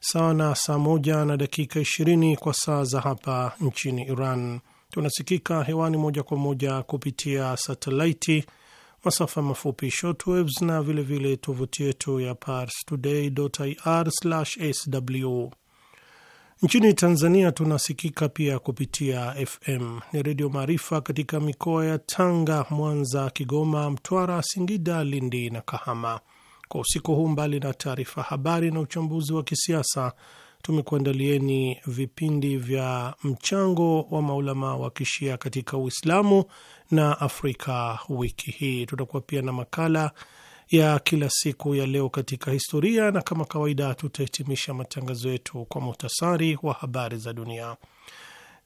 sawa na saa moja na dakika 20 kwa saa za hapa nchini Iran. Tunasikika hewani moja kwa moja kupitia satelaiti, masafa mafupi shortwaves na vilevile tovuti yetu ya pars ir sw Nchini Tanzania tunasikika pia kupitia FM ni Redio Maarifa katika mikoa ya Tanga, Mwanza, Kigoma, Mtwara, Singida, Lindi na Kahama. Kwa usiku huu, mbali na taarifa habari na uchambuzi wa kisiasa, tumekuandalieni vipindi vya mchango wa maulama wa kishia katika Uislamu na Afrika wiki hii. Tutakuwa pia na makala ya kila siku ya leo katika historia, na kama kawaida tutahitimisha matangazo yetu kwa muhtasari wa habari za dunia.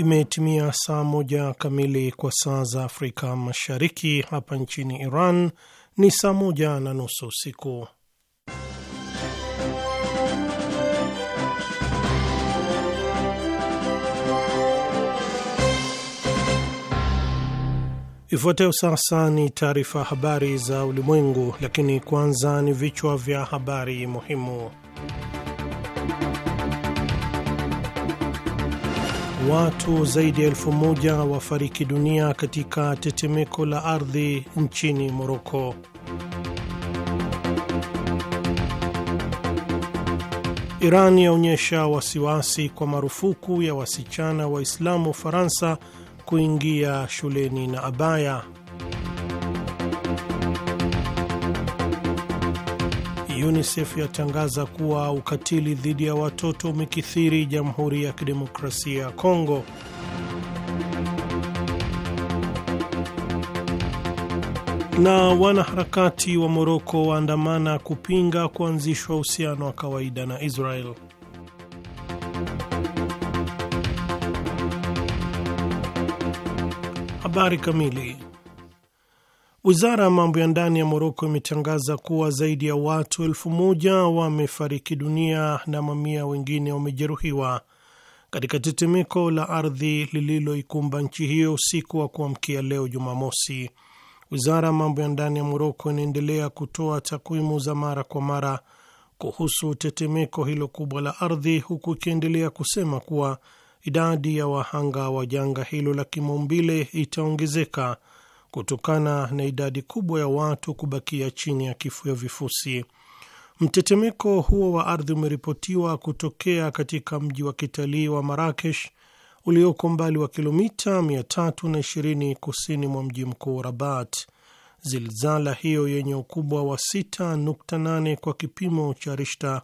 imetimia saa moja kamili kwa saa za Afrika Mashariki. Hapa nchini Iran ni saa moja na nusu usiku. Ifuatayo sasa ni taarifa habari za ulimwengu, lakini kwanza ni vichwa vya habari muhimu. Watu zaidi ya elfu moja wafariki dunia katika tetemeko la ardhi nchini Moroko. Iran yaonyesha wasiwasi kwa marufuku ya wasichana Waislamu Ufaransa kuingia shuleni na abaya. UNICEF yatangaza kuwa ukatili dhidi ya watoto umekithiri Jamhuri ya Kidemokrasia ya Kongo. Na wanaharakati wa Moroko waandamana kupinga kuanzishwa uhusiano wa kawaida na Israel. Habari kamili Wizara ya mambo ya ndani ya Moroko imetangaza kuwa zaidi ya watu elfu moja wamefariki dunia na mamia wengine wamejeruhiwa katika tetemeko la ardhi lililoikumba nchi hiyo usiku wa kuamkia leo Jumamosi. Wizara ya mambo ya ndani ya Moroko inaendelea kutoa takwimu za mara kwa mara kuhusu tetemeko hilo kubwa la ardhi, huku ikiendelea kusema kuwa idadi ya wahanga wa janga hilo la kimaumbile itaongezeka kutokana na idadi kubwa ya watu kubakia chini ya kifua vifusi. Mtetemeko huo wa ardhi umeripotiwa kutokea katika mji wa kitalii wa Marakesh ulioko mbali wa kilomita 320 kusini mwa mji mkuu Rabat. Zilzala hiyo yenye ukubwa wa 6.8 kwa kipimo cha Rishta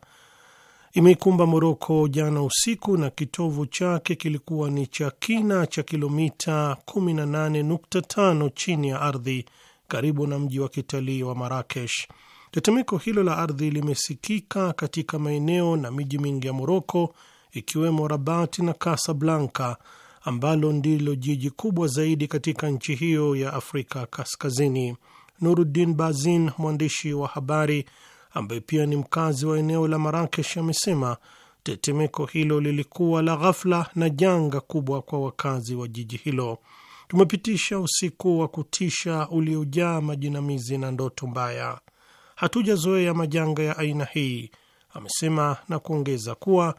imeikumba Moroko jana usiku na kitovu chake kilikuwa ni cha kina cha kilomita 18.5 chini ya ardhi karibu na mji wa kitalii wa Marakesh. Tetemeko hilo la ardhi limesikika katika maeneo na miji mingi ya Moroko ikiwemo Rabat na Casablanca ambalo ndilo jiji kubwa zaidi katika nchi hiyo ya Afrika Kaskazini. Nuruddin Bazin, mwandishi wa habari ambaye pia ni mkazi wa eneo la Marakesh amesema tetemeko hilo lilikuwa la ghafla na janga kubwa kwa wakazi wa jiji hilo. Tumepitisha usiku wa kutisha uliojaa majinamizi na ndoto mbaya. Hatujazoea majanga ya aina hii, amesema na kuongeza kuwa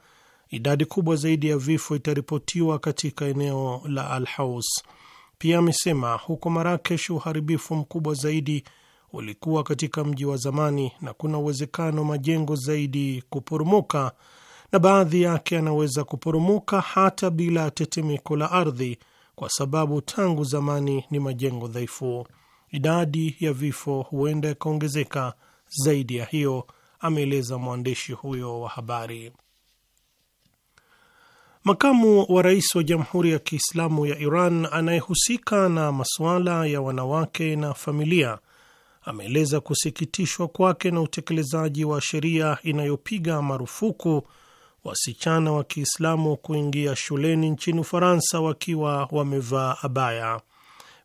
idadi kubwa zaidi ya vifo itaripotiwa katika eneo la Al Haus. Pia amesema huko Marakesh uharibifu mkubwa zaidi ulikuwa katika mji wa zamani na kuna uwezekano majengo zaidi kuporomoka, na baadhi yake yanaweza kuporomoka hata bila tetemeko la ardhi, kwa sababu tangu zamani ni majengo dhaifu. Idadi ya vifo huenda yakaongezeka zaidi ya hiyo, ameeleza mwandishi huyo wa habari. Makamu wa rais wa Jamhuri ya Kiislamu ya Iran anayehusika na masuala ya wanawake na familia ameeleza kusikitishwa kwake na utekelezaji wa sheria inayopiga marufuku wasichana wa Kiislamu kuingia shuleni nchini Ufaransa wakiwa wamevaa abaya.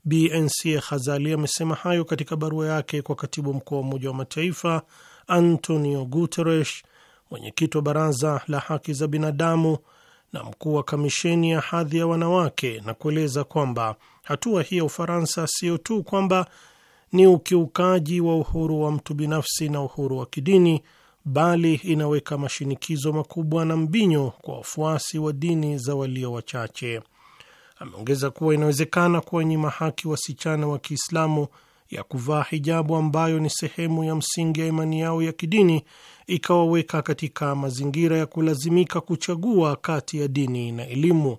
Bnc Khazali amesema hayo katika barua yake kwa katibu mkuu wa Umoja wa Mataifa Antonio Guterres, mwenyekiti wa Baraza la Haki za Binadamu na mkuu wa Kamisheni ya Hadhi ya Wanawake, na kueleza kwamba hatua hii ya Ufaransa siyo tu kwamba ni ukiukaji wa uhuru wa mtu binafsi na uhuru wa kidini, bali inaweka mashinikizo makubwa na mbinyo kwa wafuasi wa dini za walio wachache. Ameongeza kuwa inawezekana kuwanyima haki wasichana wa Kiislamu ya kuvaa hijabu ambayo ni sehemu ya msingi ya imani yao ya kidini, ikawaweka katika mazingira ya kulazimika kuchagua kati ya dini na elimu.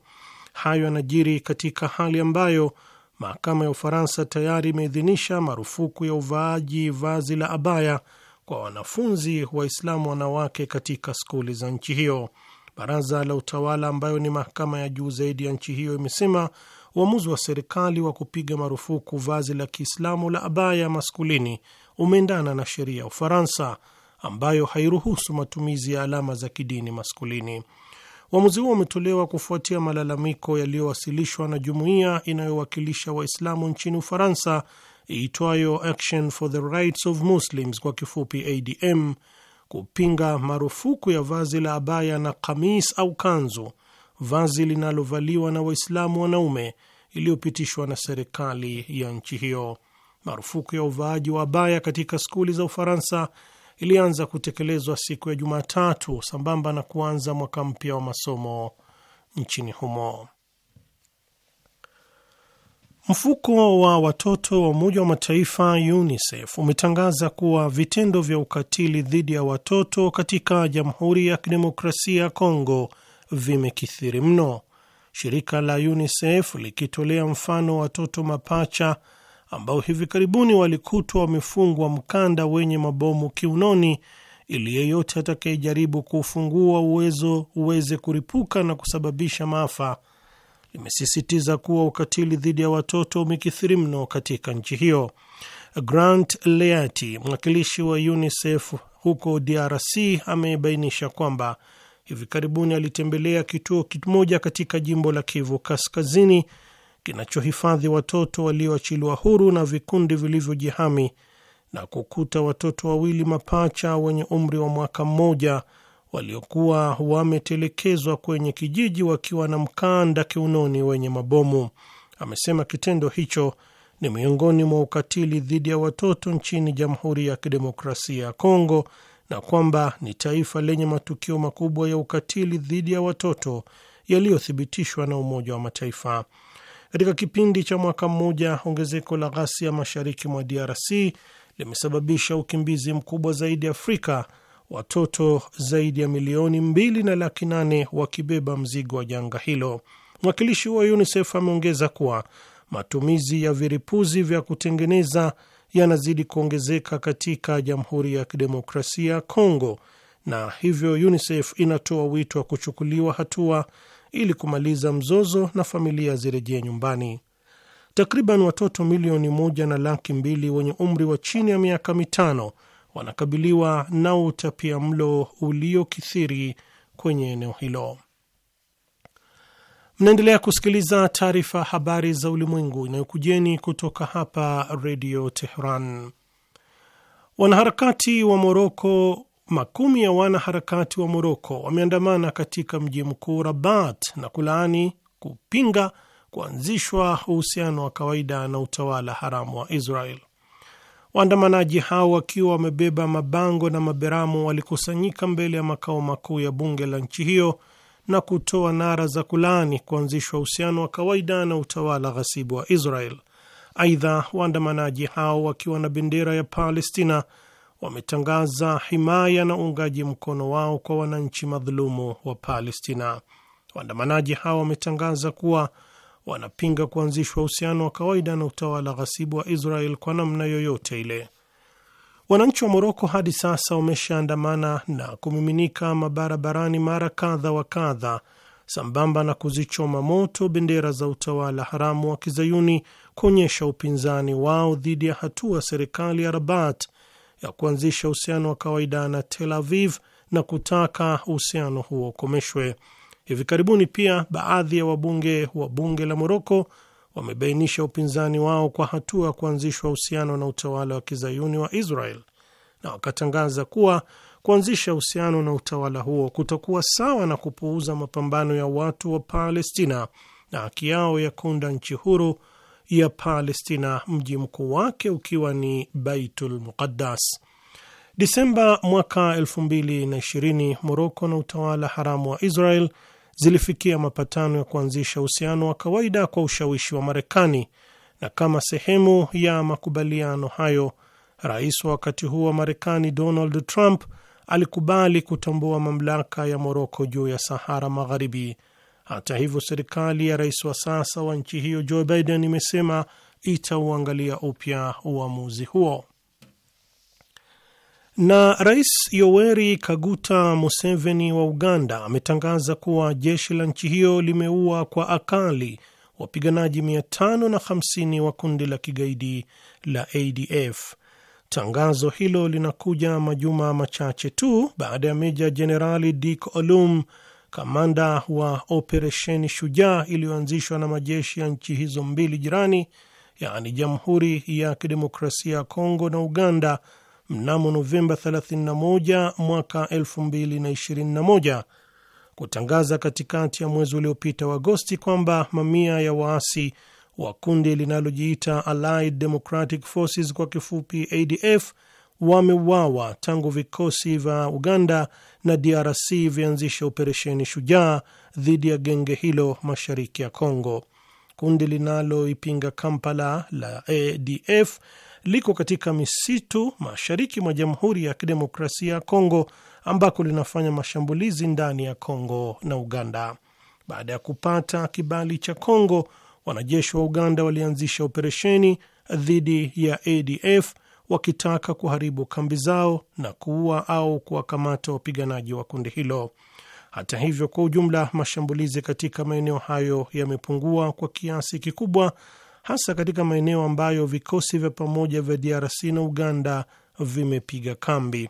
Hayo yanajiri katika hali ambayo mahakama ya Ufaransa tayari imeidhinisha marufuku ya uvaaji vazi la abaya kwa wanafunzi Waislamu wanawake katika skuli za nchi hiyo. Baraza la utawala ambayo ni mahakama ya juu zaidi ya nchi hiyo imesema uamuzi wa serikali wa kupiga marufuku vazi la Kiislamu la abaya maskulini umeendana na sheria ya Ufaransa ambayo hairuhusu matumizi ya alama za kidini maskulini. Uamuzi huo umetolewa kufuatia malalamiko yaliyowasilishwa na jumuiya inayowakilisha Waislamu nchini Ufaransa iitwayo Action for the Rights of Muslims kwa kifupi ADM, kupinga marufuku ya vazi la abaya na kamis au kanzu, vazi linalovaliwa na Waislamu wanaume, iliyopitishwa na serikali ya nchi hiyo. Marufuku ya uvaaji wa abaya katika skuli za Ufaransa ilianza kutekelezwa siku ya Jumatatu sambamba na kuanza mwaka mpya wa masomo nchini humo. Mfuko wa watoto wa Umoja wa Mataifa UNICEF umetangaza kuwa vitendo vya ukatili dhidi ya watoto katika Jamhuri ya Kidemokrasia ya Kongo vimekithiri mno, shirika la UNICEF likitolea mfano watoto mapacha ambao hivi karibuni walikutwa wamefungwa mkanda wenye mabomu kiunoni ili yeyote atakayejaribu kuufungua uwezo uweze kuripuka na kusababisha maafa, limesisitiza kuwa ukatili dhidi ya watoto umekithiri mno katika nchi hiyo. Grant Leati, mwakilishi wa UNICEF huko DRC, amebainisha kwamba hivi karibuni alitembelea kituo kimoja katika jimbo la Kivu Kaskazini kinachohifadhi watoto walioachiliwa huru na vikundi vilivyojihami na kukuta watoto wawili mapacha wenye umri wa mwaka mmoja waliokuwa wametelekezwa kwenye kijiji wakiwa na mkanda kiunoni wenye mabomu. Amesema kitendo hicho ni miongoni mwa ukatili dhidi ya watoto nchini Jamhuri ya Kidemokrasia ya Kongo na kwamba ni taifa lenye matukio makubwa ya ukatili dhidi ya watoto yaliyothibitishwa na Umoja wa Mataifa. Katika kipindi cha mwaka mmoja, ongezeko la ghasia mashariki mwa DRC limesababisha ukimbizi mkubwa zaidi Afrika, watoto zaidi ya milioni mbili na laki nane wakibeba mzigo wa janga hilo. Mwakilishi wa UNICEF ameongeza kuwa matumizi ya viripuzi vya kutengeneza yanazidi kuongezeka katika Jamhuri ya Kidemokrasia ya Kongo, na hivyo UNICEF inatoa wito wa kuchukuliwa hatua ili kumaliza mzozo na familia zirejee nyumbani. Takriban watoto milioni moja na laki mbili wenye umri wa chini ya miaka mitano wanakabiliwa na utapia mlo uliokithiri kwenye eneo hilo. Mnaendelea kusikiliza taarifa habari za ulimwengu inayokujeni kutoka hapa redio Tehran. Wanaharakati wa Moroko makumi ya wanaharakati wa Moroko wameandamana katika mji mkuu Rabat na kulaani kupinga kuanzishwa uhusiano wa kawaida na utawala haramu wa Israel. Waandamanaji hao wakiwa wamebeba mabango na maberamu walikusanyika mbele ya makao makuu ya bunge la nchi hiyo na kutoa nara za kulaani kuanzishwa uhusiano wa kawaida na utawala ghasibu wa Israel. Aidha, waandamanaji hao wakiwa na bendera ya Palestina wametangaza himaya na uungaji mkono wao kwa wananchi madhulumu wa Palestina. Waandamanaji hao wametangaza kuwa wanapinga kuanzishwa uhusiano wa kawaida na utawala ghasibu wa Israel kwa namna yoyote ile. Wananchi wa Moroko hadi sasa wameshaandamana na kumiminika mabarabarani mara kadha wa kadha, sambamba na kuzichoma moto bendera za utawala haramu wa kizayuni kuonyesha upinzani wao dhidi ya hatua serikali ya Rabat ya kuanzisha uhusiano wa kawaida na Tel Aviv na kutaka uhusiano huo ukomeshwe. Hivi karibuni pia baadhi ya wabunge wa bunge la Moroko wamebainisha upinzani wao kwa hatua ya kuanzishwa uhusiano na utawala wa kizayuni wa Israel na wakatangaza kuwa kuanzisha uhusiano na utawala huo kutakuwa sawa na kupuuza mapambano ya watu wa Palestina na haki yao ya kunda nchi huru ya Palestina, mji mkuu wake ukiwa ni Baitul Muqaddas. Disemba mwaka 2020 Moroko na utawala haramu wa Israel zilifikia mapatano ya kuanzisha uhusiano wa kawaida kwa ushawishi wa Marekani, na kama sehemu ya makubaliano hayo, rais wa wakati huo wa Marekani Donald Trump alikubali kutambua mamlaka ya Moroko juu ya Sahara Magharibi hata hivyo, serikali ya rais wa sasa wa nchi hiyo Joe Biden imesema itauangalia upya uamuzi huo. Na Rais Yoweri Kaguta Museveni wa Uganda ametangaza kuwa jeshi la nchi hiyo limeua kwa akali wapiganaji 550 wa kundi la kigaidi la ADF. Tangazo hilo linakuja majuma machache tu baada ya Meja Jenerali Dick Olum kamanda wa operesheni Shujaa iliyoanzishwa na majeshi ya nchi hizo mbili jirani, yaani Jamhuri ya Kidemokrasia ya Kongo na Uganda mnamo Novemba 31 mwaka 2021 kutangaza katikati ya mwezi uliopita wa Agosti kwamba mamia ya waasi wa kundi linalojiita Allied Democratic Forces kwa kifupi ADF wameuawa tangu vikosi vya Uganda na DRC vianzisha operesheni Shujaa dhidi ya genge hilo mashariki ya Kongo. Kundi linaloipinga Kampala la ADF liko katika misitu mashariki mwa Jamhuri ya Kidemokrasia ya Kongo ambako linafanya mashambulizi ndani ya Kongo na Uganda. Baada ya kupata kibali cha Kongo, wanajeshi wa Uganda walianzisha operesheni dhidi ya ADF wakitaka kuharibu kambi zao na kuua au kuwakamata wapiganaji wa kundi hilo. Hata hivyo, kwa ujumla, mashambulizi katika maeneo hayo yamepungua kwa kiasi kikubwa, hasa katika maeneo ambayo vikosi vya pamoja vya DRC na Uganda vimepiga kambi.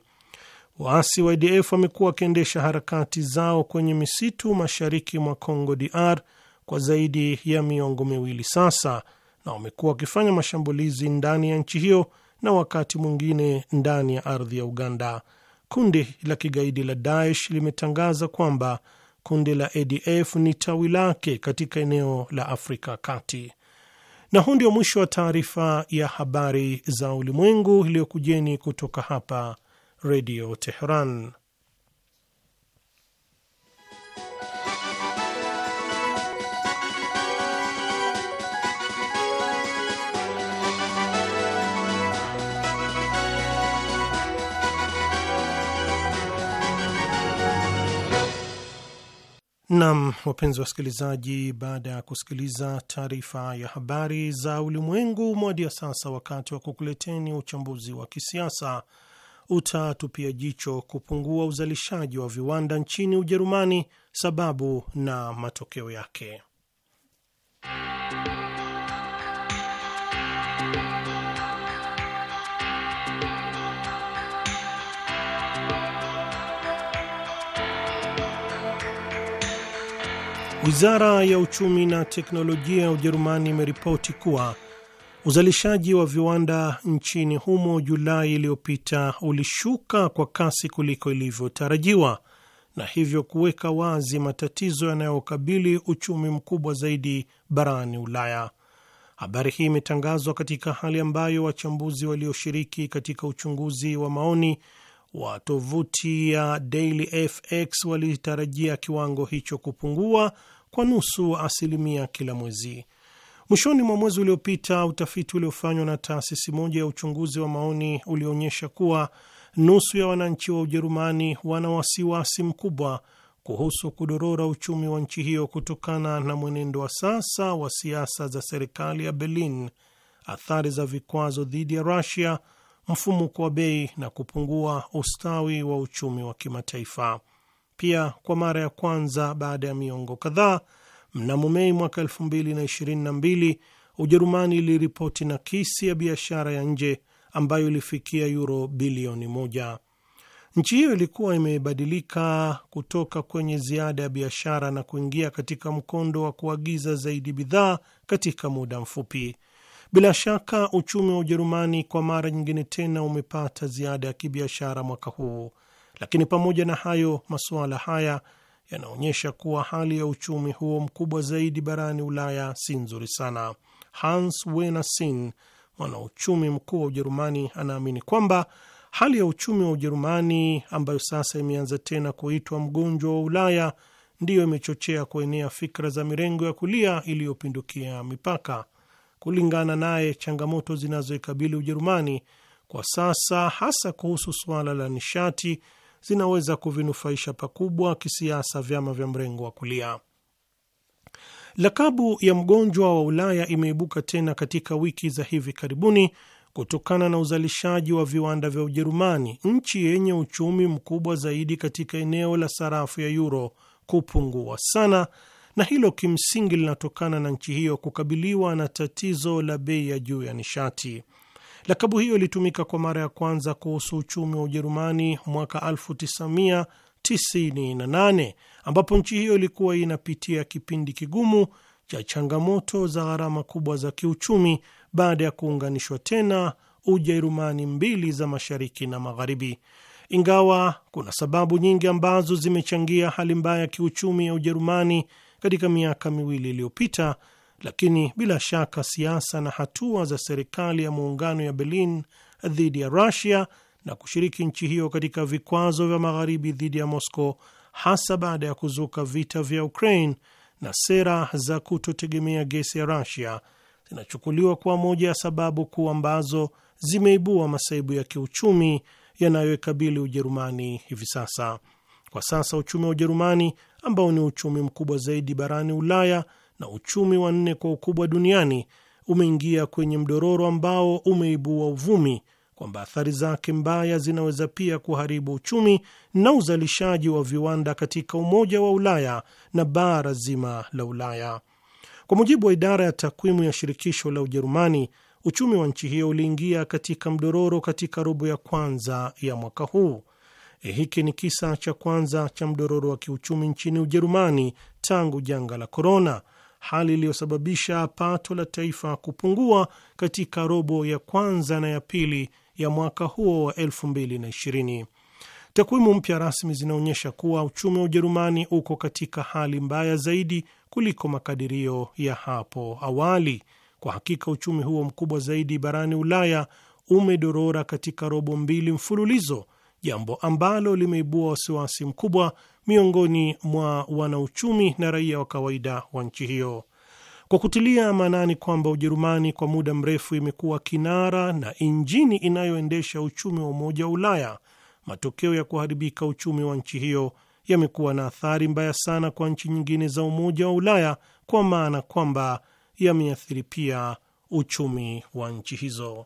Waasi wa ADF wamekuwa wakiendesha harakati zao kwenye misitu mashariki mwa Congo DR kwa zaidi ya miongo miwili sasa, na wamekuwa wakifanya mashambulizi ndani ya nchi hiyo na wakati mwingine ndani ya ardhi ya Uganda. Kundi la kigaidi la Daesh limetangaza kwamba kundi la ADF ni tawi lake katika eneo la Afrika Kati. Na huu ndio mwisho wa taarifa ya habari za ulimwengu iliyokujeni kutoka hapa Redio Teheran. Nam, wapenzi wasikilizaji, baada ya kusikiliza taarifa ya habari za ulimwengu, modi ya sasa wakati wa kukuleteni uchambuzi wa kisiasa utatupia jicho kupungua uzalishaji wa viwanda nchini Ujerumani, sababu na matokeo yake Wizara ya uchumi na teknolojia ya Ujerumani imeripoti kuwa uzalishaji wa viwanda nchini humo Julai iliyopita ulishuka kwa kasi kuliko ilivyotarajiwa na hivyo kuweka wazi matatizo yanayokabili uchumi mkubwa zaidi barani Ulaya. Habari hii imetangazwa katika hali ambayo wachambuzi walioshiriki katika uchunguzi wa maoni wa tovuti ya Daily FX walitarajia kiwango hicho kupungua kwa nusu asilimia kila mwezi. Mwishoni mwa mwezi uliopita, utafiti uliofanywa na taasisi moja ya uchunguzi wa maoni ulionyesha kuwa nusu ya wananchi wa Ujerumani wana wasiwasi mkubwa kuhusu kudorora uchumi wa nchi hiyo kutokana na mwenendo wa sasa wa siasa za serikali ya Berlin, athari za vikwazo dhidi ya rusia mfumuko wa bei na kupungua ustawi wa uchumi wa kimataifa. Pia kwa mara ya kwanza baada ya miongo kadhaa, mnamo Mei mwaka 2022 Ujerumani iliripoti na kisi ya biashara ya nje ambayo ilifikia yuro bilioni moja. Nchi hiyo ilikuwa imebadilika kutoka kwenye ziada ya biashara na kuingia katika mkondo wa kuagiza zaidi bidhaa katika muda mfupi. Bila shaka uchumi wa Ujerumani kwa mara nyingine tena umepata ziada ya kibiashara mwaka huu lakini pamoja na hayo, masuala haya yanaonyesha kuwa hali ya uchumi huo mkubwa zaidi barani Ulaya si nzuri sana. Hans Werner Sinn, mwanauchumi mkuu wa Ujerumani, anaamini kwamba hali ya uchumi wa Ujerumani ambayo sasa imeanza tena kuitwa mgonjwa wa Ulaya ndiyo imechochea kuenea fikra za mirengo ya kulia iliyopindukia mipaka. Kulingana naye, changamoto zinazoikabili Ujerumani kwa sasa, hasa kuhusu suala la nishati zinaweza kuvinufaisha pakubwa kisiasa vyama vya mrengo wa kulia. Lakabu ya mgonjwa wa Ulaya imeibuka tena katika wiki za hivi karibuni kutokana na uzalishaji wa viwanda vya Ujerumani, nchi yenye uchumi mkubwa zaidi katika eneo la sarafu ya euro, kupungua sana, na hilo kimsingi linatokana na nchi hiyo kukabiliwa na tatizo la bei ya juu ya nishati. Lakabu hiyo ilitumika kwa mara ya kwanza kuhusu uchumi wa Ujerumani mwaka 1998 ambapo nchi hiyo ilikuwa inapitia kipindi kigumu cha changamoto za gharama kubwa za kiuchumi baada ya kuunganishwa tena Ujerumani mbili za mashariki na magharibi. Ingawa kuna sababu nyingi ambazo zimechangia hali mbaya ya kiuchumi ya Ujerumani katika miaka miwili iliyopita, lakini bila shaka siasa na hatua za serikali ya muungano ya Berlin dhidi ya Rusia na kushiriki nchi hiyo katika vikwazo vya magharibi dhidi ya Moscow hasa baada ya kuzuka vita vya Ukraine na sera za kutotegemea gesi ya Rusia zinachukuliwa kuwa moja ya sababu kuu ambazo zimeibua masaibu ya kiuchumi yanayoikabili Ujerumani hivi sasa. Kwa sasa uchumi wa Ujerumani ambao ni uchumi mkubwa zaidi barani Ulaya na uchumi wa nne kwa ukubwa duniani umeingia kwenye mdororo ambao umeibua uvumi kwamba athari zake mbaya zinaweza pia kuharibu uchumi na uzalishaji wa viwanda katika Umoja wa Ulaya na bara zima la Ulaya. Kwa mujibu wa idara ya takwimu ya shirikisho la Ujerumani, uchumi wa nchi hiyo uliingia katika mdororo katika robo ya kwanza ya mwaka huu. E, hiki ni kisa cha kwanza cha mdororo wa kiuchumi nchini Ujerumani tangu janga la korona hali iliyosababisha pato la taifa kupungua katika robo ya kwanza na ya pili ya mwaka huo wa 2020. Takwimu mpya rasmi zinaonyesha kuwa uchumi wa Ujerumani uko katika hali mbaya zaidi kuliko makadirio ya hapo awali. Kwa hakika uchumi huo mkubwa zaidi barani Ulaya umedorora katika robo mbili mfululizo, jambo ambalo limeibua wasiwasi mkubwa miongoni mwa wanauchumi na raia wa kawaida wa nchi hiyo, kwa kutilia maanani kwamba Ujerumani kwa muda mrefu imekuwa kinara na injini inayoendesha uchumi wa Umoja wa Ulaya. Matokeo ya kuharibika uchumi wa nchi hiyo yamekuwa na athari mbaya sana kwa nchi nyingine za Umoja wa Ulaya, kwa maana kwamba yameathiri pia uchumi wa nchi hizo.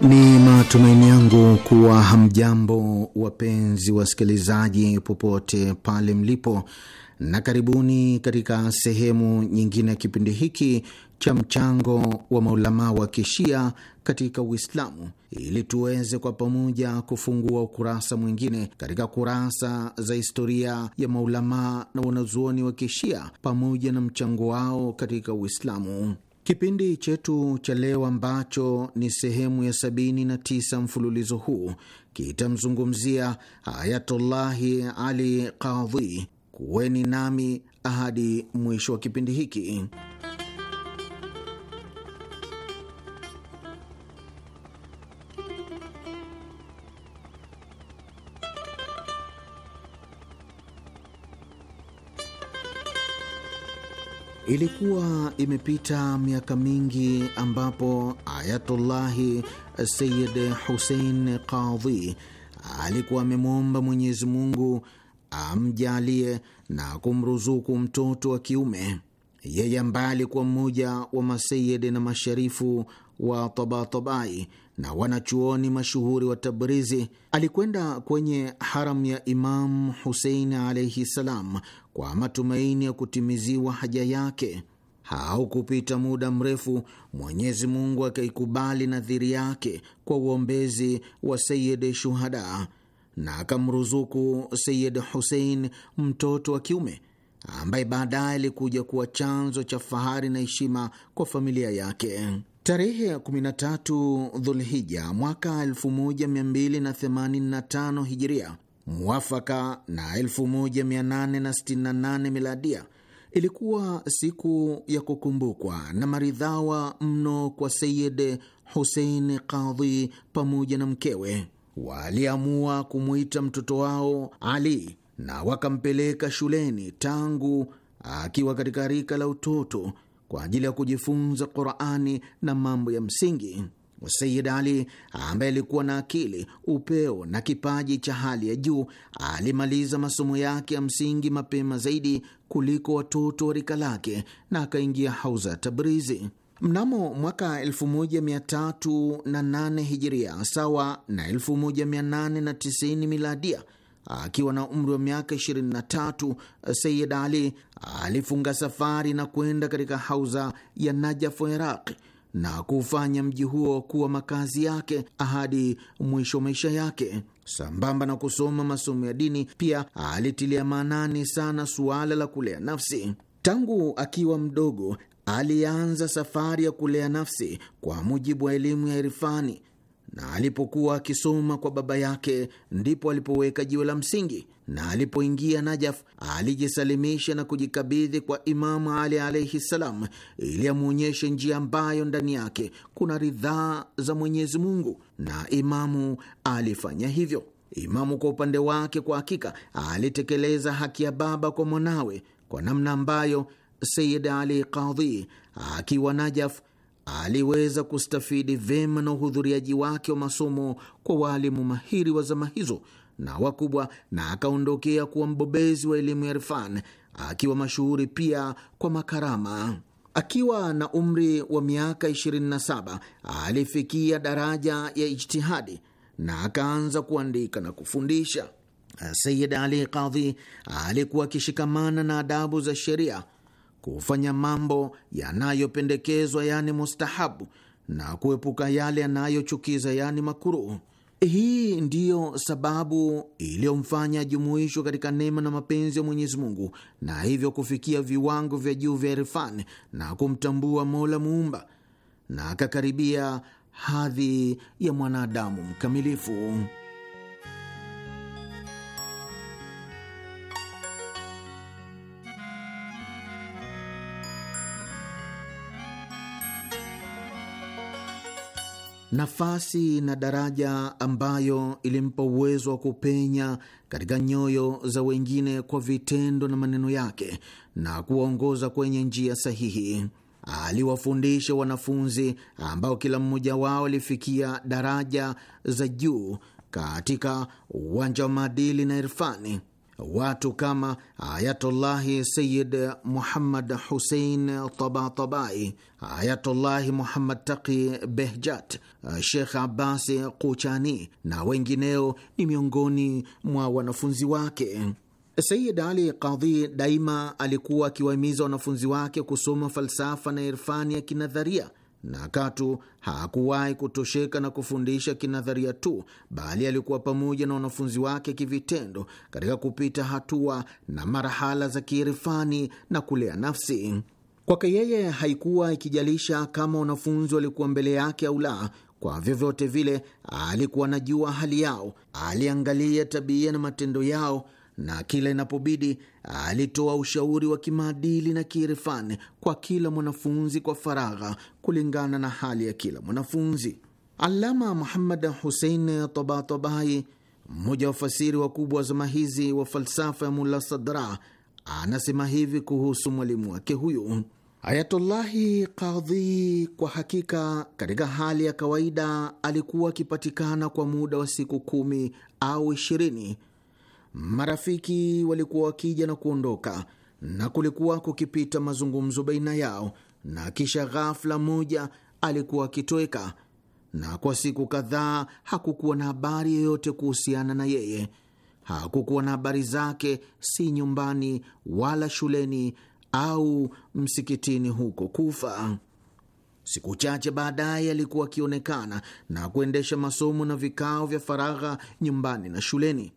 Ni matumaini yangu kuwa hamjambo, wapenzi wasikilizaji, popote pale mlipo, na karibuni katika sehemu nyingine ya kipindi hiki cha mchango wa maulamaa wa kishia katika Uislamu, ili tuweze kwa pamoja kufungua ukurasa mwingine katika kurasa za historia ya maulamaa na wanazuoni wa kishia pamoja na mchango wao katika Uislamu. Kipindi chetu cha leo ambacho ni sehemu ya 79 mfululizo huu kitamzungumzia Ayatullahi Ali Qadhi. Kuweni nami hadi mwisho wa kipindi hiki. Ilikuwa imepita miaka mingi ambapo Ayatullahi Sayid Husein Qadhi alikuwa amemwomba Mwenyezi Mungu amjalie na kumruzuku mtoto wa kiume. Yeye ambaye alikuwa mmoja wa maseyidi na masharifu wa Tabatabai na wanachuoni mashuhuri wa Tabrizi, alikwenda kwenye haramu ya imam Husein alaihi ssalam kwa matumaini ya kutimiziwa haja yake. Haukupita muda mrefu, Mwenyezi Mungu akaikubali nadhiri yake kwa uombezi wa Sayid Shuhada na akamruzuku Sayid Husein mtoto wa kiume ambaye baadaye alikuja kuwa chanzo cha fahari na heshima kwa familia yake. Tarehe ya 13 Dhulhija mwaka 1285 Hijiria, muwafaka na 1868 miladia ilikuwa siku ya kukumbukwa na maridhawa mno kwa Sayid Husein Qadhi pamoja na mkewe. Waliamua kumwita mtoto wao Ali na wakampeleka shuleni tangu akiwa katika rika la utoto kwa ajili ya kujifunza Qurani na mambo ya msingi. Sayid Ali ambaye alikuwa na akili, upeo na kipaji cha hali ya juu, alimaliza masomo yake ya msingi mapema zaidi kuliko watoto wa rika lake na akaingia hauza Tabrizi mnamo mwaka 1308 hijiria sawa na 1890 miladia. Akiwa na umri wa miaka 23, Sayid Ali alifunga safari na kwenda katika hauza ya najafu Iraqi na kufanya mji huo kuwa makazi yake hadi mwisho maisha yake. Sambamba na kusoma masomo ya dini, pia alitilia maanani sana suala la kulea nafsi. Tangu akiwa mdogo alianza safari ya kulea nafsi kwa mujibu wa elimu ya irfani na alipokuwa akisoma kwa baba yake ndipo alipoweka jiwe la msingi, na alipoingia Najaf alijisalimisha na kujikabidhi kwa Imamu Ali alaihi ssalam, ili amwonyeshe njia ambayo ndani yake kuna ridhaa za Mwenyezi Mungu, na Imamu alifanya hivyo. Imamu kwa upande wake, kwa hakika alitekeleza haki ya baba kwa mwanawe kwa namna ambayo Sayid Ali Qadhi akiwa Najaf aliweza kustafidi vema na uhudhuriaji wake wa masomo kwa waalimu mahiri wa zama hizo na wakubwa, na akaondokea kuwa mbobezi wa elimu ya irfan, akiwa mashuhuri pia kwa makarama. Akiwa na umri wa miaka 27 alifikia daraja ya ijtihadi na akaanza kuandika na kufundisha. Sayid Ali Qadhi alikuwa akishikamana na adabu za sheria kufanya mambo yanayopendekezwa yani mustahabu, na kuepuka yale yanayochukiza yani makuruhu. Hii ndiyo sababu iliyomfanya ajumuishwe katika neema na mapenzi ya Mwenyezi Mungu, na hivyo kufikia viwango vya juu vya irfani na kumtambua Mola Muumba, na akakaribia hadhi ya mwanadamu mkamilifu. nafasi na daraja ambayo ilimpa uwezo wa kupenya katika nyoyo za wengine kwa vitendo na maneno yake na kuwaongoza kwenye njia sahihi. Aliwafundisha wanafunzi ambao kila mmoja wao alifikia daraja za juu katika uwanja wa maadili na irfani watu kama Ayatullahi Sayid Muhammad Husein Tabatabai, Ayatullahi Muhammad Taqi Behjat, Shekh Abbasi kuchani na wengineo ni miongoni mwa wanafunzi wake. Sayid Ali Qadhi daima alikuwa akiwahimiza wanafunzi wake kusoma falsafa na irfani ya kinadharia na katu hakuwahi kutosheka na kufundisha kinadharia tu, bali alikuwa pamoja na wanafunzi wake kivitendo katika kupita hatua na marahala za kiirifani na kulea nafsi. Kwake yeye haikuwa ikijalisha kama wanafunzi walikuwa mbele yake au la. Kwa vyovyote vile, alikuwa anajua hali yao, aliangalia tabia na matendo yao na kila inapobidi alitoa ushauri wa kimaadili na kiirfani kwa kila mwanafunzi kwa faragha, kulingana na hali ya kila mwanafunzi. Alama Muhammad Husein Tabatabai, mmoja wa fasiri wakubwa wa zama hizi wa falsafa ya Mulla Sadra, anasema hivi kuhusu mwalimu wake huyu Ayatullahi Kadhi: kwa hakika katika hali ya kawaida alikuwa akipatikana kwa muda wa siku kumi au ishirini Marafiki walikuwa wakija na kuondoka, na kulikuwa kukipita mazungumzo baina yao, na kisha ghafla moja alikuwa akitoweka, na kwa siku kadhaa hakukuwa na habari yoyote kuhusiana na yeye. Hakukuwa na habari zake, si nyumbani wala shuleni au msikitini huko Kufa. Siku chache baadaye alikuwa akionekana na kuendesha masomo na vikao vya faragha nyumbani na shuleni.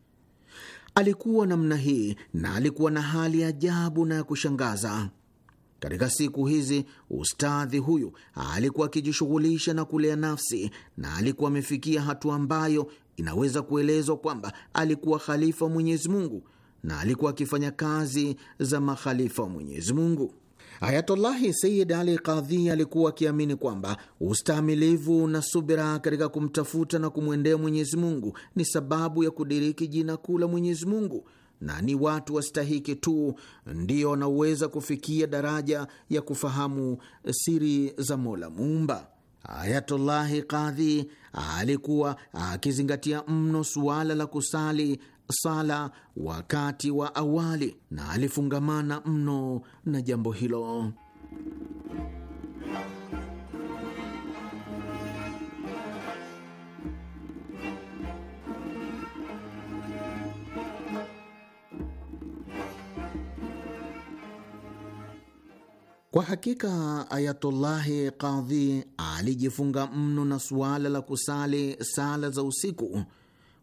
Alikuwa namna hii na alikuwa na hali ya ajabu na ya kushangaza. Katika siku hizi ustadhi huyu alikuwa akijishughulisha na kulea nafsi na alikuwa amefikia hatua ambayo inaweza kuelezwa kwamba alikuwa khalifa mwenyezimungu Mwenyezi Mungu na alikuwa akifanya kazi za makhalifa wa Mwenyezi Mungu. Ayatullahi Sayid Ali Kadhi alikuwa akiamini kwamba ustaamilivu na subira katika kumtafuta na kumwendea Mwenyezi Mungu ni sababu ya kudiriki jina kuu la Mwenyezi Mungu, na ni watu wastahiki tu ndio wanaoweza kufikia daraja ya kufahamu siri za Mola Muumba. Ayatullahi Kadhi alikuwa akizingatia mno suala la kusali sala wakati wa awali na alifungamana mno na jambo hilo. Kwa hakika Ayatullahi Kadhi alijifunga mno na suala la kusali sala za usiku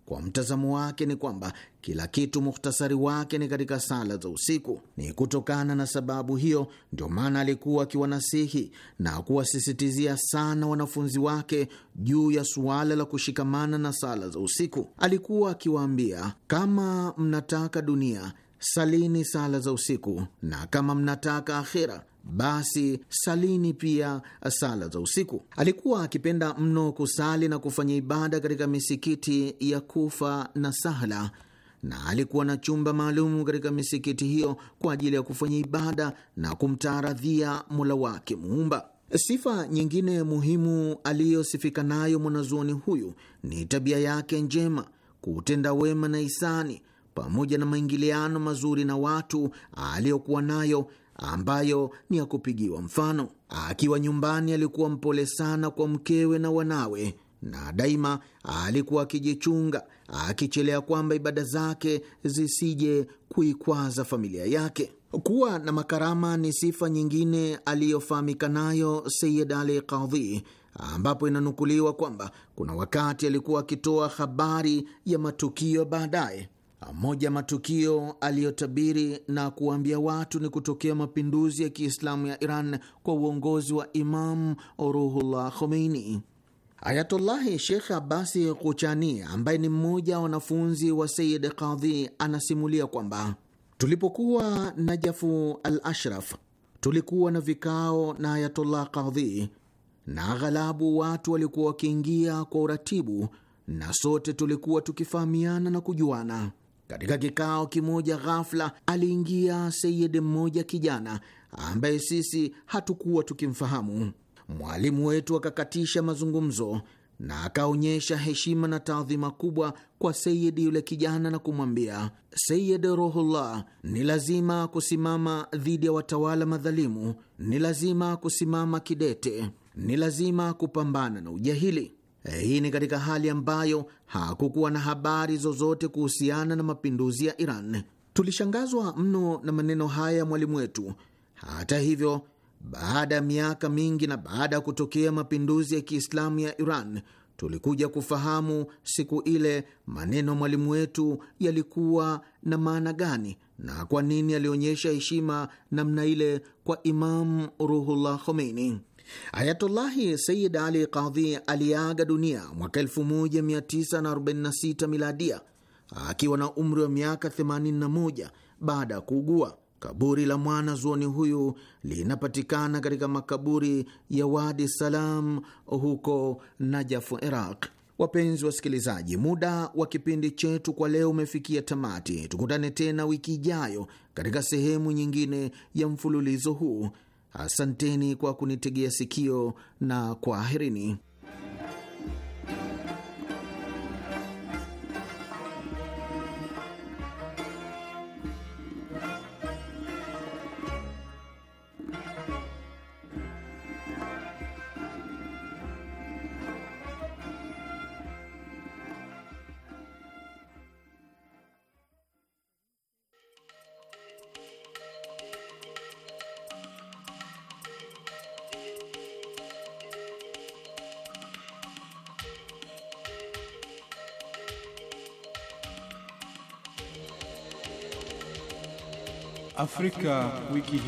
kwa mtazamo wake ni kwamba kila kitu muhtasari wake ni katika sala za usiku. Ni kutokana na sababu hiyo ndio maana alikuwa akiwanasihi na kuwasisitizia sana wanafunzi wake juu ya suala la kushikamana na sala za usiku. Alikuwa akiwaambia, kama mnataka dunia salini sala za usiku, na kama mnataka akhira basi salini pia sala za usiku. Alikuwa akipenda mno kusali na kufanya ibada katika misikiti ya Kufa na Sahla, na alikuwa na chumba maalum katika misikiti hiyo kwa ajili ya kufanya ibada na kumtaaradhia Mola wake Muumba. Sifa nyingine muhimu aliyosifika nayo mwanazuoni huyu ni tabia yake njema, kutenda wema na hisani, pamoja na maingiliano mazuri na watu aliyokuwa nayo ambayo ni ya kupigiwa mfano. Akiwa nyumbani, alikuwa mpole sana kwa mkewe na wanawe, na daima alikuwa akijichunga, akichelea kwamba ibada zake zisije kuikwaza familia yake. Kuwa na makarama ni sifa nyingine aliyofahamika nayo Sayid Ali Kadhi, ambapo inanukuliwa kwamba kuna wakati alikuwa akitoa habari ya matukio baadaye moja matukio aliyotabiri na kuwaambia watu ni kutokea mapinduzi ya Kiislamu ya Iran kwa uongozi wa Imam Ruhullah Khomeini. Ayatullahi shekh Abasi Kuchani, ambaye ni mmoja wa wanafunzi wa Sayid kadhi anasimulia kwamba tulipokuwa Najafu al Ashraf, tulikuwa na vikao na Ayatullah kadhi na aghalabu watu walikuwa wakiingia kwa uratibu, na sote tulikuwa tukifahamiana na kujuana. Katika kikao kimoja, ghafla aliingia seyede mmoja kijana ambaye sisi hatukuwa tukimfahamu. Mwalimu wetu akakatisha mazungumzo na akaonyesha heshima na taadhima kubwa kwa Sayid yule kijana na kumwambia, Sayid Rohullah, ni lazima kusimama dhidi ya watawala madhalimu, ni lazima kusimama kidete, ni lazima kupambana na ujahili. Eh, hii ni katika hali ambayo hakukuwa na habari zozote kuhusiana na mapinduzi ya Iran. Tulishangazwa mno na maneno haya ya mwalimu wetu. Hata hivyo, baada ya miaka mingi na baada ya kutokea mapinduzi ya Kiislamu ya Iran, tulikuja kufahamu siku ile maneno mwalimu wetu yalikuwa na maana gani na kwa nini alionyesha heshima namna ile kwa Imamu Ruhullah Khomeini. Ayatullahi Sayid Ali Qadhi aliaga dunia mwaka 1946 miladia akiwa na umri wa miaka 81 baada ya kuugua. Kaburi la mwana zuoni huyu linapatikana katika makaburi ya Wadi Salam huko Najafu, Iraq. Wapenzi wasikilizaji, muda wa kipindi chetu kwa leo umefikia tamati. Tukutane tena wiki ijayo katika sehemu nyingine ya mfululizo huu. Asanteni kwa kunitegea sikio na kwaherini. Afrika wiki hii.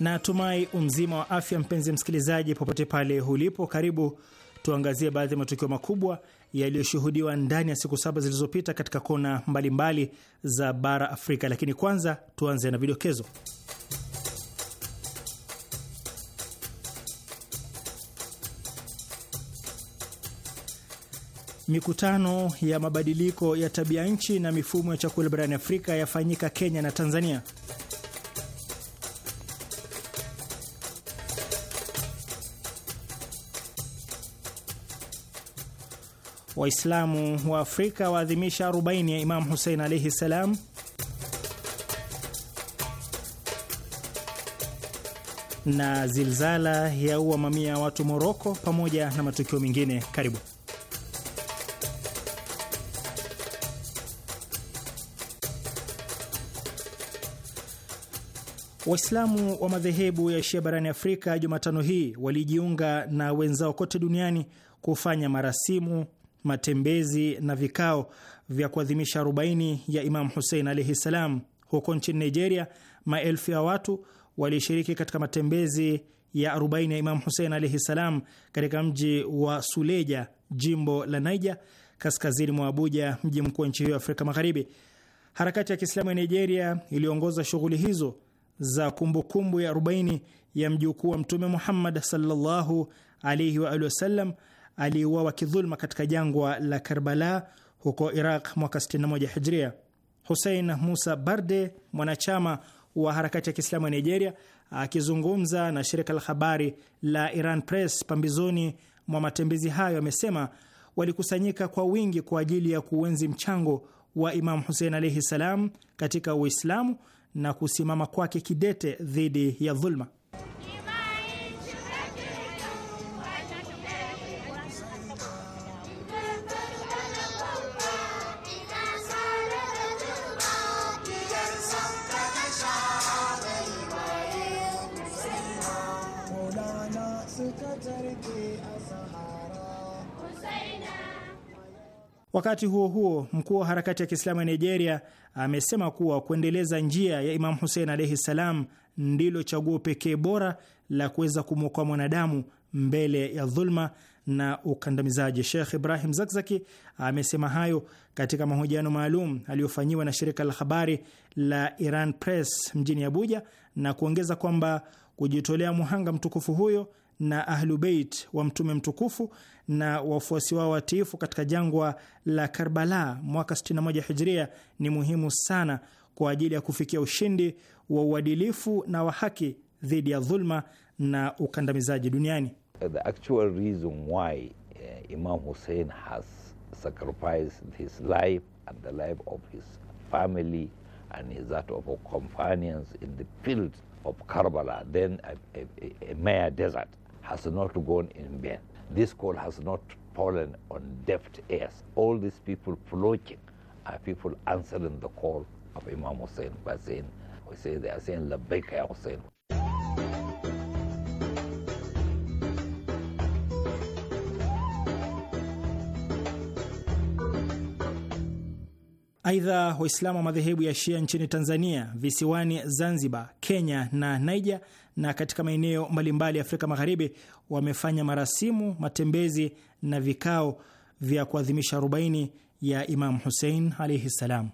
Natumai umzima wa afya, mpenzi msikilizaji, popote pale ulipo. Karibu tuangazie baadhi ya matukio makubwa yaliyoshuhudiwa ndani ya siku saba zilizopita katika kona mbalimbali mbali za bara Afrika. Lakini kwanza tuanze na vidokezo. Mikutano ya mabadiliko ya tabia nchi na mifumo ya chakula barani Afrika yafanyika Kenya na Tanzania. Waislamu wa Afrika waadhimisha 40 ya Imam Husein alaihi salam. na zilzala yaua mamia ya watu Moroko, pamoja na matukio mengine. Karibu Waislamu wa madhehebu ya Shia barani Afrika Jumatano hii walijiunga na wenzao kote duniani kufanya marasimu matembezi na vikao vya kuadhimisha arobaini ya Imamu Husein alaihi ssalam. Huko nchini Nigeria, maelfu ya watu walishiriki katika matembezi ya arobaini ya Imamu Husein alaihi ssalam katika mji wa Suleja, jimbo la Naija, kaskazini mwa Abuja, mji mkuu wa nchi hiyo Afrika Magharibi. Harakati ya Kiislamu ya Nigeria iliongoza shughuli hizo za kumbukumbu kumbu ya arobaini ya mjukuu wa Mtume Muhammad sallallahu alaihi wa alihi wasallam aliyeuawa kidhulma katika jangwa la Karbala huko Iraq mwaka 61 Hijria. husein Musa Barde, mwanachama wa harakati ya Kiislamu ya Nigeria, akizungumza na shirika la habari la Iran Press pambizoni mwa matembezi hayo, amesema walikusanyika kwa wingi kwa ajili ya kuenzi mchango wa Imamu Husein alaihi salam katika Uislamu na kusimama kwake kidete dhidi ya dhulma. Wakati huo huo, mkuu wa harakati ya Kiislamu ya Nigeria amesema kuwa kuendeleza njia ya Imamu Husein alaihi ssalam ndilo chaguo pekee bora la kuweza kumwokoa mwanadamu mbele ya dhulma na ukandamizaji. Sheikh Ibrahim Zakzaki amesema hayo katika mahojiano maalum aliyofanyiwa na shirika la habari la Iran Press mjini Abuja, na kuongeza kwamba kujitolea muhanga mtukufu huyo na Ahlubeit wa Mtume mtukufu na wafuasi wao watiifu katika jangwa la Karbala mwaka 61 Hijria ni muhimu sana kwa ajili ya kufikia ushindi wa uadilifu na wa haki dhidi ya dhulma na ukandamizaji duniani. The actual reason why eh, Imam Hussein has sacrificed his life and the life of his family and his that of companions in the field of Karbala, then a, a, a mere desert. has not gone in vain. This call has not fallen on deaf ears. All these people flocking are people answering the call of Imam Hussein by saying, we say they are saying, Labbaik Hussein. Aidha, Waislamu wa madhehebu ya Shia nchini Tanzania, visiwani Zanzibar, Kenya na Niger na katika maeneo mbalimbali ya Afrika Magharibi wamefanya marasimu, matembezi na vikao vya kuadhimisha arobaini ya Imamu Husein alaihi ssalam.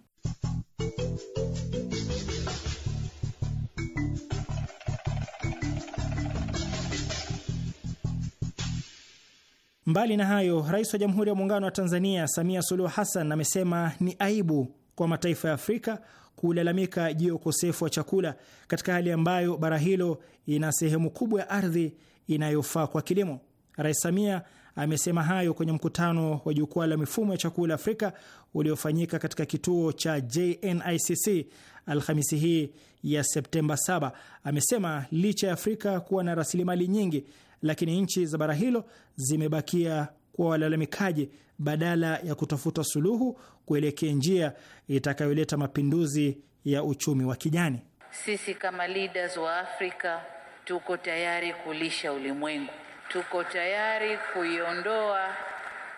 Mbali na hayo, rais wa Jamhuri ya Muungano wa Tanzania Samia Suluhu Hassan amesema ni aibu kwa mataifa ya Afrika kulalamika juu ya ukosefu wa chakula katika hali ambayo bara hilo ina sehemu kubwa ya ardhi inayofaa kwa kilimo. Rais Samia amesema hayo kwenye mkutano wa jukwaa la mifumo ya chakula Afrika uliofanyika katika kituo cha JNICC Alhamisi hii ya Septemba 7. Amesema licha ya Afrika kuwa na rasilimali nyingi lakini nchi za bara hilo zimebakia kuwa walalamikaji badala ya kutafuta suluhu kuelekea njia itakayoleta mapinduzi ya uchumi wa kijani. Sisi kama leaders wa Afrika tuko tayari kulisha ulimwengu, tuko tayari kuiondoa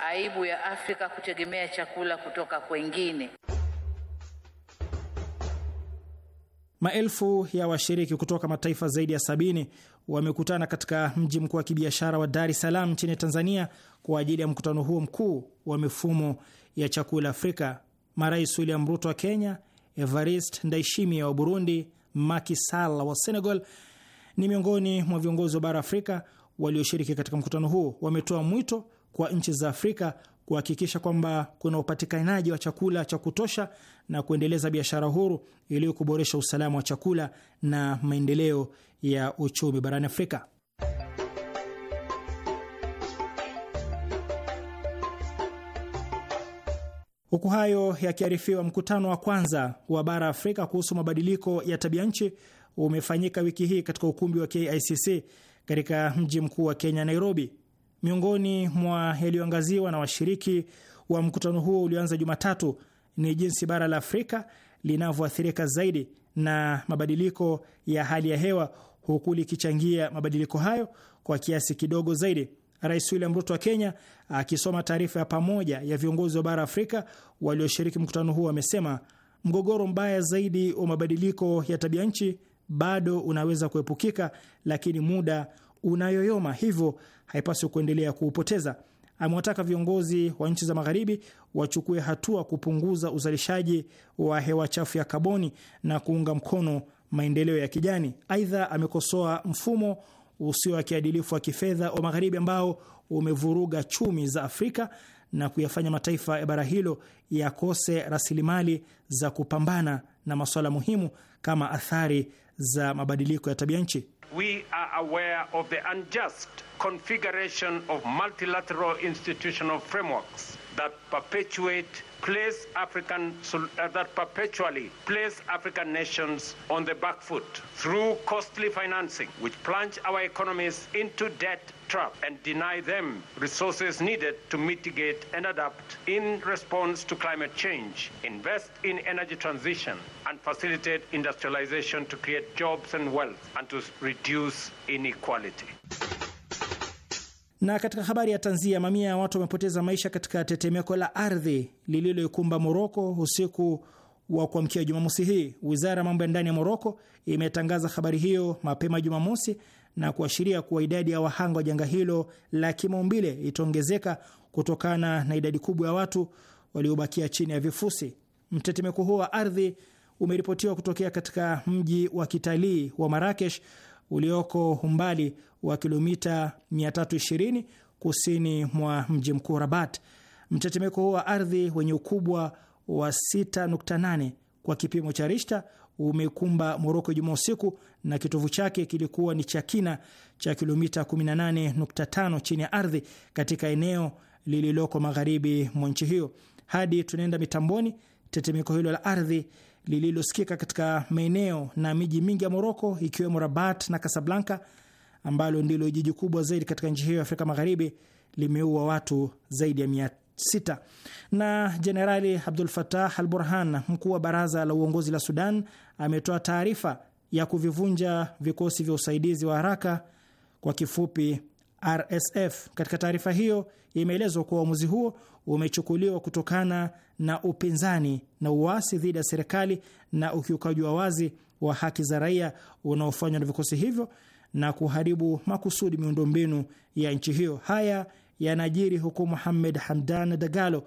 aibu ya Afrika kutegemea chakula kutoka kwengine. Maelfu ya washiriki kutoka mataifa zaidi ya sabini wamekutana katika mji mkuu wa kibiashara wa Dar es Salaam nchini Tanzania kwa ajili ya mkutano huo mkuu wa mifumo ya chakula Afrika. Marais William Ruto wa Kenya, Evarist ndaishimia wa Burundi, Macky Sall wa Senegal ni miongoni mwa viongozi wa bara Afrika walioshiriki katika mkutano huo. Wametoa mwito kwa nchi za Afrika kuhakikisha kwamba kuna upatikanaji wa chakula cha kutosha na kuendeleza biashara huru ili kuboresha usalama wa chakula na maendeleo ya uchumi barani Afrika. Huku hayo yakiarifiwa, mkutano wa kwanza wa bara Afrika kuhusu mabadiliko ya tabia nchi umefanyika wiki hii katika ukumbi wa KICC katika mji mkuu wa Kenya, Nairobi. Miongoni mwa yaliyoangaziwa na washiriki wa mkutano huo ulioanza Jumatatu ni jinsi bara la Afrika linavyoathirika zaidi na mabadiliko ya hali ya hewa, huku likichangia mabadiliko hayo kwa kiasi kidogo zaidi. Rais William Ruto wa Kenya akisoma taarifa ya pamoja ya viongozi wa bara Afrika walioshiriki mkutano huo amesema mgogoro mbaya zaidi wa mabadiliko ya tabia nchi bado unaweza kuepukika, lakini muda unayoyoma, hivyo haipaswi kuendelea kuupoteza. Amewataka viongozi wa nchi za magharibi wachukue hatua kupunguza uzalishaji wa hewa chafu ya kaboni na kuunga mkono maendeleo ya kijani. Aidha, amekosoa mfumo usio wa kiadilifu wa kifedha wa magharibi ambao umevuruga chumi za Afrika na kuyafanya mataifa ya bara hilo yakose rasilimali za kupambana na masuala muhimu kama athari za mabadiliko ya tabia nchi. we are aware of the unjust configuration of multilateral institutional frameworks that perpetuate place African uh, that perpetually place African nations on the back foot through costly financing which plunge our economies into debt trap and deny them resources needed to mitigate and adapt in response to climate change, invest in energy transition, and facilitate industrialization to create jobs and wealth and to reduce inequality. Na katika habari ya tanzia, mamia ya watu wamepoteza maisha katika tetemeko la ardhi lililoikumba Moroko usiku wa kuamkia Jumamosi hii. Wizara ya mambo ya ndani ya Moroko imetangaza habari hiyo mapema Jumamosi na kuashiria kuwa idadi ya wahanga wa janga hilo la kimaumbile itaongezeka kutokana na idadi kubwa ya watu waliobakia chini ya vifusi. Mtetemeko huo wa ardhi umeripotiwa kutokea katika mji wa kitalii wa Marakesh ulioko umbali wa kilomita 320 kusini mwa mji mkuu Rabat. Mtetemeko huo wa ardhi wenye ukubwa wa 6.8 kwa kipimo cha Rishta umekumba Moroko Jumaa usiku na kitovu chake kilikuwa ni cha kina cha kilomita 18.5 chini ya ardhi katika eneo lililoko magharibi mwa nchi hiyo. Hadi tunaenda mitamboni, tetemeko hilo la ardhi lililosikika katika maeneo na miji mingi ya Moroko ikiwemo Rabat na Kasablanka, ambalo ndilo jiji kubwa zaidi katika nchi hiyo ya Afrika Magharibi, limeua watu zaidi ya mia sita. Na Jenerali Abdul Fatah Al Burhan, mkuu wa baraza la uongozi la Sudan, ametoa taarifa ya kuvivunja vikosi vya usaidizi wa haraka kwa kifupi RSF. Katika taarifa hiyo imeelezwa kuwa uamuzi huo umechukuliwa kutokana na upinzani na uasi dhidi ya serikali na ukiukaji wa wazi wa haki za raia unaofanywa na vikosi hivyo na kuharibu makusudi miundombinu ya nchi hiyo. Haya yanajiri huku muhamed Hamdan Dagalo,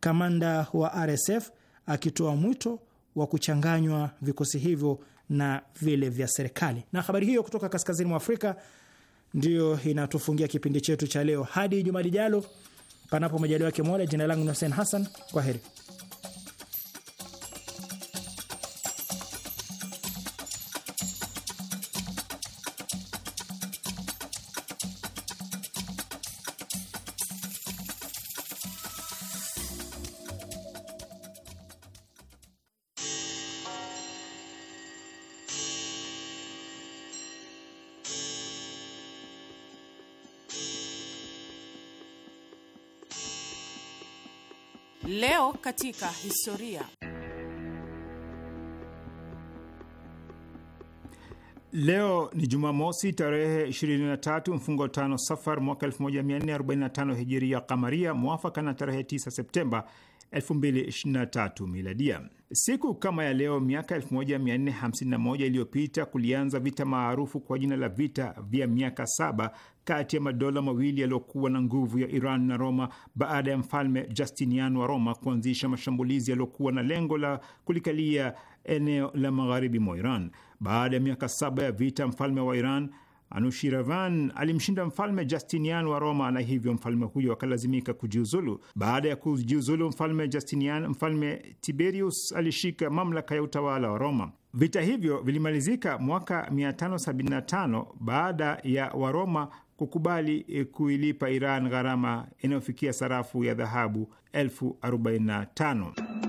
kamanda wa RSF, akitoa mwito wa kuchanganywa vikosi hivyo na vile vya serikali. Na habari hiyo kutoka kaskazini mwa Afrika ndiyo inatufungia kipindi chetu cha leo. Hadi juma lijalo, panapo majaliwa yake Mola. Jina langu ni Hussein Hassan, kwa heri. katika historia. Leo ni Jumamosi tarehe 23 mfungo tano Safar mwaka 1445 hijiria kamaria, mwafaka na tarehe 9 Septemba 2023 miladia. Siku kama ya leo miaka 1451 iliyopita kulianza vita maarufu kwa jina la vita vya miaka saba kati ya madola mawili yaliyokuwa na nguvu ya Iran na Roma baada ya mfalme Justinian wa Roma kuanzisha mashambulizi yaliyokuwa na lengo la kulikalia eneo la magharibi mwa Iran. Baada ya miaka saba ya vita, mfalme wa Iran Anushiravan alimshinda mfalme Justinian wa Roma na hivyo mfalme huyo akalazimika kujiuzulu. Baada ya kujiuzulu mfalme Justinian, mfalme Tiberius alishika mamlaka ya utawala wa Roma. Vita hivyo vilimalizika mwaka 575 baada ya Waroma kukubali eh, kuilipa Iran gharama inayofikia sarafu ya dhahabu elfu 45.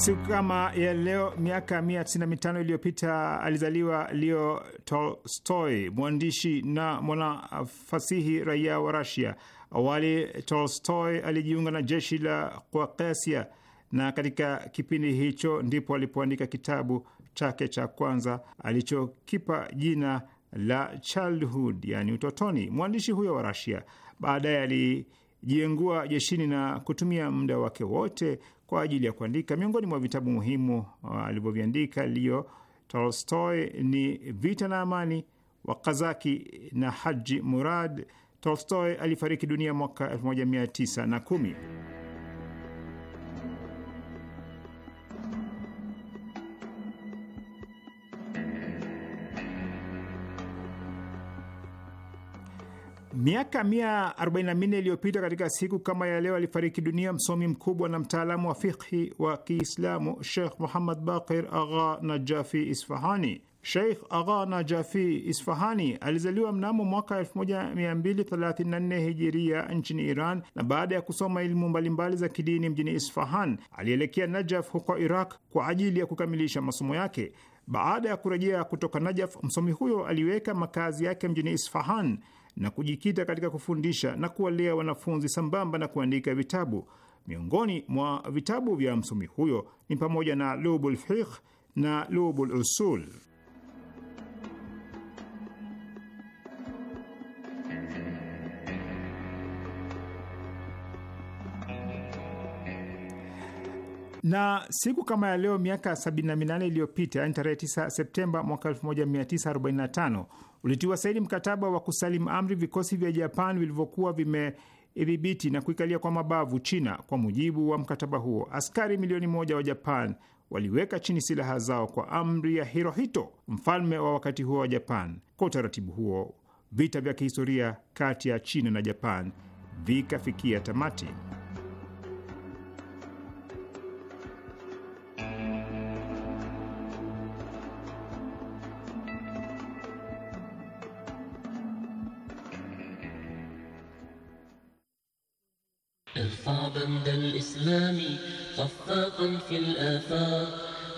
Siku kama ya leo miaka 195 iliyopita alizaliwa Leo Tolstoy, mwandishi na mwanafasihi raia wa Rasia. Awali Tolstoy alijiunga na jeshi la Kaukasia, na katika kipindi hicho ndipo alipoandika kitabu chake cha kwanza alichokipa jina la Childhood, yani utotoni. Mwandishi huyo wa Rasia baadaye alijiengua jeshini na kutumia muda wake wote kwa ajili ya kuandika. Miongoni mwa vitabu muhimu uh, alivyoviandika Leo Tolstoy ni Vita na Amani, Wakazaki na Haji Murad. Tolstoy alifariki dunia mwaka 1910. Miaka 144 iliyopita katika siku kama ya leo alifariki dunia msomi mkubwa na mtaalamu wa fikhi wa Kiislamu Sheikh Muhammad Baqir Agha Najafi Isfahani. Sheikh Agha Najafi Isfahani alizaliwa mnamo mwaka 1234 hijiria nchini Iran, na baada ya kusoma elimu mbalimbali za kidini mjini Isfahan alielekea Najaf huko Iraq kwa ajili ya kukamilisha masomo yake. Baada ya kurejea kutoka Najaf, msomi huyo aliweka makazi yake mjini Isfahan na kujikita katika kufundisha na kuwalea wanafunzi sambamba na kuandika vitabu. Miongoni mwa vitabu vya msomi huyo ni pamoja na Lubul Fiqh na Lubul Usul. na siku kama ya leo miaka 78 iliyopita, yani tarehe 9 Septemba mwaka 1945 ulitiwa saini mkataba wa kusalim amri vikosi vya Japan vilivyokuwa vimedhibiti na kuikalia kwa mabavu China. Kwa mujibu wa mkataba huo, askari milioni moja wa Japan waliweka chini silaha zao kwa amri ya Hirohito, mfalme wa wakati huo wa Japan. Kwa utaratibu huo, vita vya kihistoria kati ya China na Japan vikafikia tamati. خفاقا في الآفاق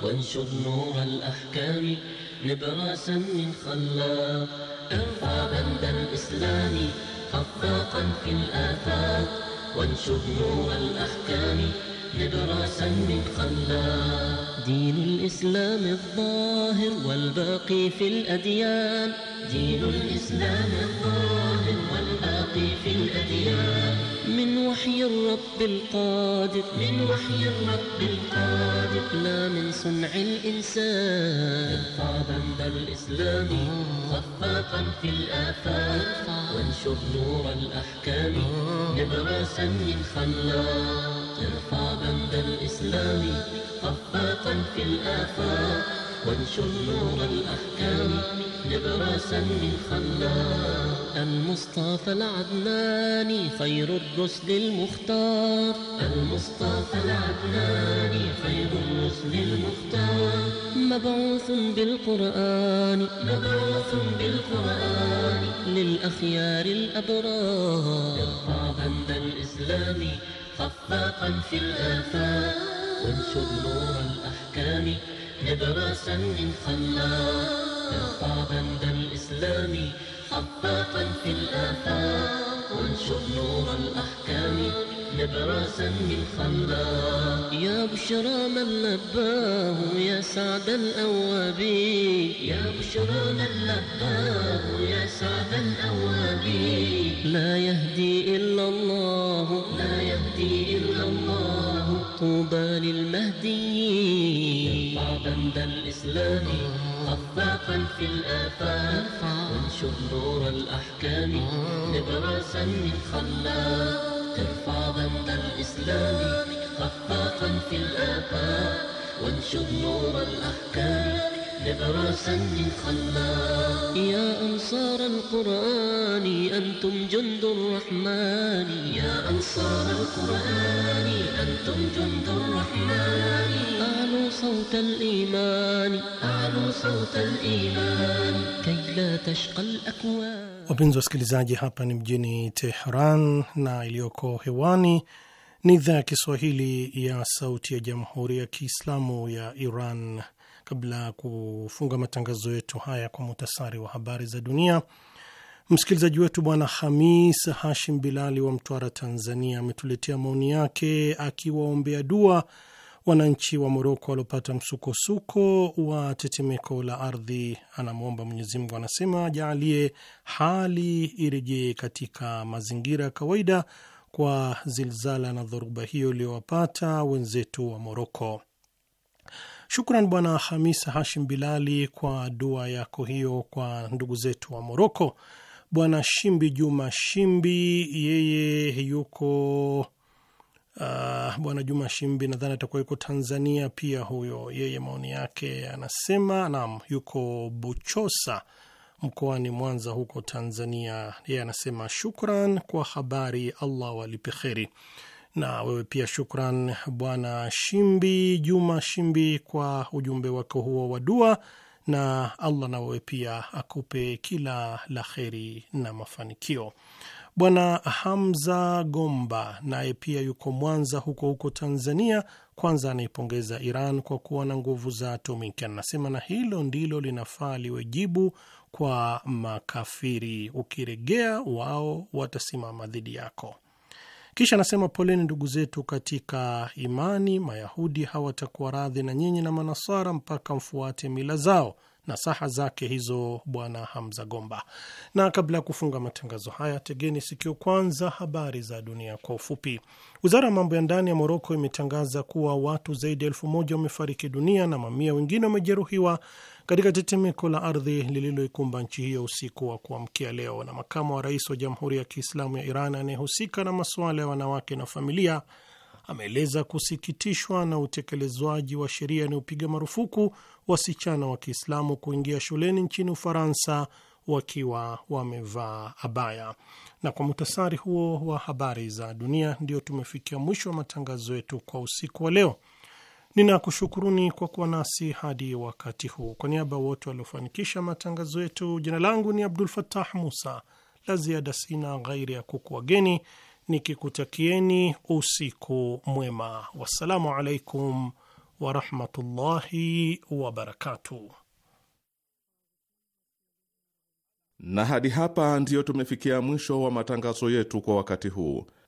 وانشر نور الأحكام نبراسا من خلاق ارفع بند الإسلام خفاقا في الآفاق وانشر نور الأحكام نبراسا من خلاق دين الإسلام الظاهر والباقي في الأديان دين الإسلام الظاهر والباقي في الأديان من وحي الرب القادر من وحي الرب القادر لا من صنع الإنسان ارفع بند الإسلام خفاقا آه. في الآفاق وانشر نور الأحكام آه. نبراسا من خلاق ارفع بند الإسلام خفاقا في الآفاق وانشر نور الأحكام نبراسا من خلاق المصطفى العدناني خير الرسل المختار المصطفى العدناني خير الرسل المختار مبعوث بالقرآن مبعوث بالقرآن للأخيار الأبرار يرفع بند الإسلام خفاقا في الآفاق وانشر نور الأحكام مدرسا من خلاق ترقى بند الإسلام حباقا في الآفاق وانشر نور الأحكام مدرسا من خلاق يا بشرى من لباه يا سعد الأوابين يا بشرى من لباه يا سعد الأوابين لا يهدي إلا الله لا يهدي إلا الله طوبى للمهدي يرفع بند الإسلام خفاقا في الآفاق انشر نور الأحكام نبراسا من خلاق ترفع بند الإسلام خفاقا في الآفاق وانشر نور الأحكام لبراسا من خلاق يا أنصار القرآن أنتم جند الرحمن يا أنصار القرآن أنتم جند الرحمن أعلوا صوت الإيمان أعلوا صوت الإيمان كي لا تشقى الأكوان Wapenzi wasikilizaji, hapa ni mjini Tehran na iliyoko hewani ni idhaa ya Kiswahili ya Sauti ya Jamhuri ya Kiislamu ya Iran. kabla ya kufunga matangazo yetu haya kwa muhtasari wa habari za dunia, msikilizaji wetu Bwana Hamis Hashim Bilali wa Mtwara, Tanzania, ametuletea maoni yake akiwaombea dua wananchi wa Moroko waliopata msukosuko wa tetemeko la ardhi. Anamwomba Mwenyezi Mungu, anasema jaalie hali irejee katika mazingira ya kawaida kwa zilzala na dhoruba hiyo iliyowapata wenzetu wa Moroko. Shukran Bwana Hamisa Hashim Bilali kwa dua yako hiyo kwa ndugu zetu wa Moroko. Bwana Shimbi Juma Shimbi, yeye yuko Uh, bwana Juma Shimbi nadhani atakuwa yuko Tanzania pia huyo. Yeye maoni yake anasema, nam yuko Buchosa mkoani Mwanza huko Tanzania. Yeye anasema shukran kwa habari, Allah walipe kheri na wewe pia. Shukran Bwana Shimbi Juma Shimbi kwa ujumbe wako huo wa dua, na Allah na wewe pia akupe kila la kheri na mafanikio. Bwana Hamza Gomba naye pia yuko Mwanza huko huko Tanzania. Kwanza anaipongeza Iran kwa kuwa na nguvu za atomiki, anasema na hilo ndilo linafaa liwe jibu kwa makafiri. Ukiregea wao watasimama dhidi yako. Kisha anasema poleni ndugu zetu katika imani, Mayahudi hawatakuwa radhi na nyinyi na Manasara mpaka mfuate mila zao. na saha zake hizo Bwana Hamza Gomba. Na kabla ya kufunga matangazo haya, tegeni sikio kwanza habari za dunia kwa ufupi. Wizara ya mambo ya ndani ya Moroko imetangaza kuwa watu zaidi ya elfu moja wamefariki dunia na mamia wengine wamejeruhiwa katika tetemeko la ardhi lililoikumba nchi hiyo usiku wa kuamkia leo. Na makamu wa rais wa Jamhuri ya Kiislamu ya Iran anayehusika na masuala ya wanawake na familia ameeleza kusikitishwa na utekelezwaji wa sheria inayopiga marufuku wasichana wa Kiislamu kuingia shuleni nchini Ufaransa wakiwa wamevaa abaya. Na kwa muhtasari huo wa habari za dunia, ndio tumefikia mwisho wa matangazo yetu kwa usiku wa leo. Ninakushukuruni kwa kuwa nasi hadi wakati huu. Kwa niaba ya wote waliofanikisha matangazo yetu, jina langu ni Abdul Fatah Musa. La ziada sina ghairi ya kukuwageni nikikutakieni usiku mwema. Wassalamu alaikum warahmatullahi wabarakatuh. Na hadi hapa ndiyo tumefikia mwisho wa matangazo yetu kwa wakati huu.